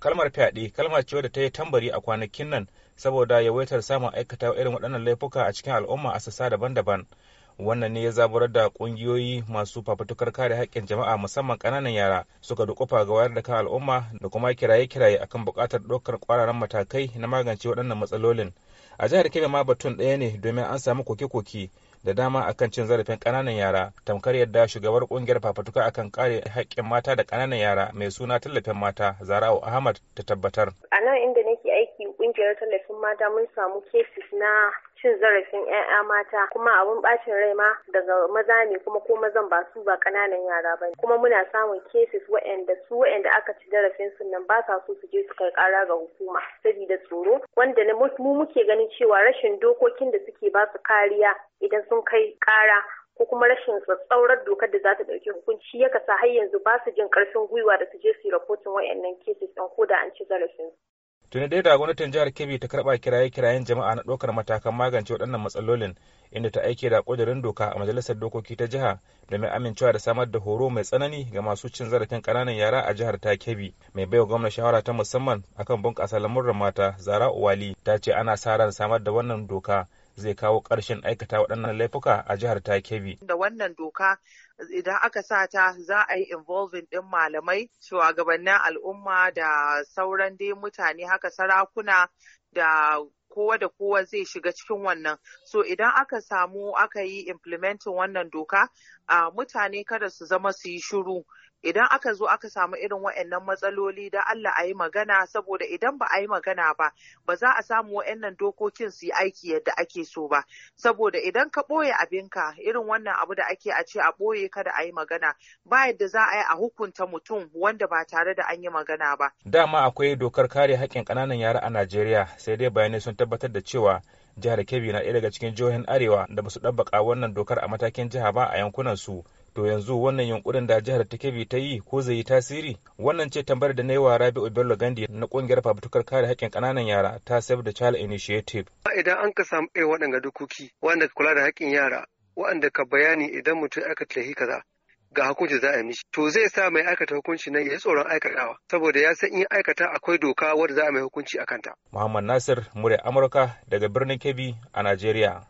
kalmar fyaɗe kalma ce wadda ta yi tambari a kwanakin nan saboda yawaitar samun aikata irin waɗannan laifuka a cikin al'umma a sassa daban-daban wannan ne ya zaburar da ƙungiyoyi masu fafutukar kare haƙƙin jama'a musamman ƙananan yara suka dukufa ga wayar da kan al'umma da kuma kiraye-kiraye akan buƙatar ɗaukar ƙwararan matakai na magance waɗannan matsalolin a jihar kebbi ma batun ɗaya ne domin an samu koke-koke da dama akan cin zarafin ƙananan yara tamkar yadda shugabar ƙungiyar fafatuka akan kare haƙƙin mata da ƙananan yara mai suna tallafin mata zara'u ahmad ta tabbatar a nan inda kungiyar tallafin mata mun samu cases na cin zarafin 'ya'ya mata kuma abun bacin rai ma daga maza ne kuma ko mazan ba su ba kananan yara ba kuma muna samun cases waɗanda su waɗanda aka ci zarafin su nan ba sa so su je su kai kara ga hukuma saboda tsoro wanda mu muke ganin cewa rashin dokokin da suke ba su kariya idan sun kai kara ko kuma rashin tsatsaurar dokar da za ta ɗauki hukunci ya kasa har yanzu ba su jin ƙarfin gwiwa da su je su yi rahoton wayannan cases ɗin ko da an ci zarafin su. tuni dai da gwamnatin jihar kebbi ta karba kiraye-kirayen jama'a na ɗaukar matakan magance waɗannan matsalolin inda ta aike da ƙudurin doka a majalisar dokoki ta jiha da mai amincewa da samar da horo mai tsanani ga masu cin zarafin ƙananan yara a jihar ta kebbi mai baiwa gwamna shawara ta musamman akan bunƙasa lamurran mata zara uwali ta ce ana sa ran samar da wannan doka zai kawo ƙarshen aikata waɗannan laifuka a jihar ta Da wannan doka idan aka sa ta za a yi involving ɗin malamai, shugabannin al'umma da sauran dai mutane haka sarakuna da kowa da kowa zai shiga cikin wannan so idan aka samu aka yi implementing wannan doka a mutane kada su zama su yi shiru idan aka zo aka samu irin wa'annan matsaloli da Allah a yi magana saboda idan ba a yi magana ba ba za a samu wa'annan dokokin su yi aiki yadda ake so ba saboda idan ka ɓoye abinka irin wannan abu da ake a ce a ɓoye kada a yi magana ba yadda za a yi a hukunta mutum wanda ba tare da an yi magana ba. Dama akwai dokar kare haƙƙin ƙananan yara a Najeriya sai dai bayanai sun tabbatar da cewa jihar kebbi na ɗaya daga cikin jihohin arewa da ba su ɗabbaka wannan dokar a matakin jiha ba a yankunan su to yanzu wannan yunkurin da jihar ta kebbi ta yi ko zai yi tasiri wannan ce tambayar da na yi wa rabi'u bello gandi na kungiyar fafutukar kare haƙƙin ƙananan yara ta save the child initiative idan an ka samu ɗaya waɗanga dokoki wanda kula da haƙƙin yara waɗanda ka bayani idan mutum aka tafi kaza ga hukunci za a mishi to zai sa mai aikata hukunci nan ya tsoron aikatawa saboda ya san in aikata akwai doka wadda za a mai hukunci a kanta. Muhammad Nasir murya Amurka daga birnin Kebbi a Najeriya.